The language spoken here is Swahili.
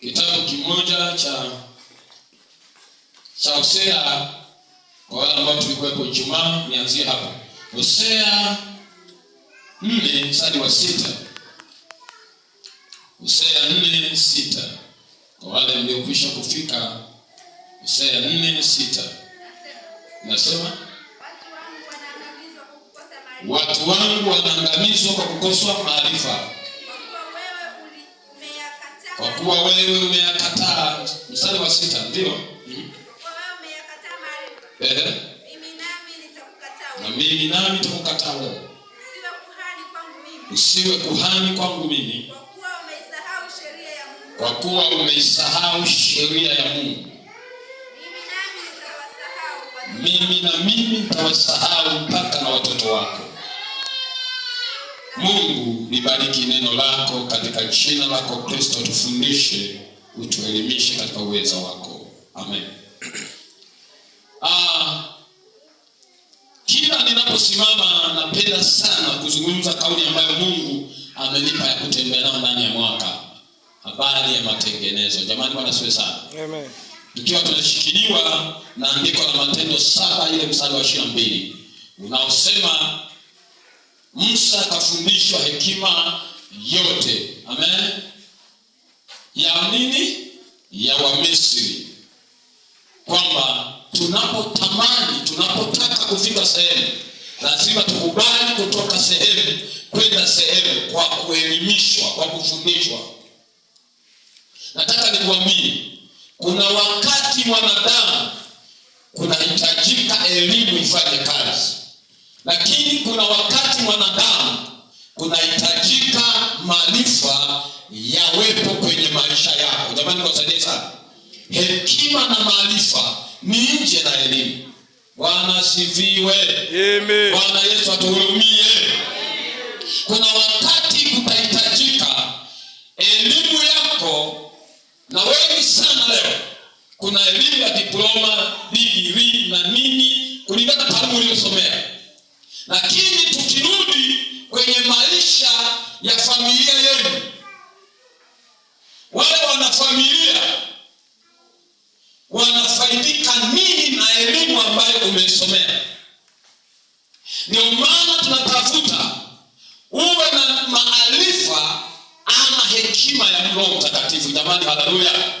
kitabu kimoja cha cha Hosea kwa wale ambao tulikuwepo Ijumaa, nianzie hapa Hosea nne mstari wa sita Hosea nne sita kwa wale mliokwisha kufika Hosea nne sita nasema watu wangu wanaangamizwa kwa kukosa maarifa kuwa wewe umeyakataa. Mstari wa sita, ndio na mimi nami nitakukataa wewe, usiwe kuhani kwangu mimi, kwa kuwa umeisahau sheria ya Mungu. Mimi na mimi nitawasahau mpaka na watoto wako. Mungu libariki neno lako katika jina lako Kristo, tufundishe, utuelimishe katika uwezo wako, amen. Ah, kila ninaposimama napenda sana kuzungumza kauli ambayo Mungu amenipa ya kutembea nayo ndani ya mwaka, habari ya matengenezo. Jamani, Bwana asifiwe sana, amen. Tukiwa tunashikiliwa na andiko la Matendo saba ile mstari wa ishirini na mbili unaosema Musa akafundishwa hekima yote, amen, ya nini? Ya Wamisri, kwamba tunapotamani, tunapotaka kufika sehemu, lazima tukubali kutoka sehemu kwenda sehemu, kwa kuelimishwa, kwa kufundishwa. Nataka nikuambie, kuna wakati mwanadamu kunahitajika elimu ifanye kazi lakini kuna wakati mwanadamu kunahitajika maarifa yawepo kwenye maisha yako. Jamani, niwasaidie sana. Hekima na maarifa ni nje na elimu. Bwana siviwe Bwana Yesu atuhurumie. Kuna wakati familia wanafaidika nini na elimu ambayo umeisomea? Ndio maana tunatafuta uwe na maarifa ama hekima ya Roho Mtakatifu. Jamani, haleluya!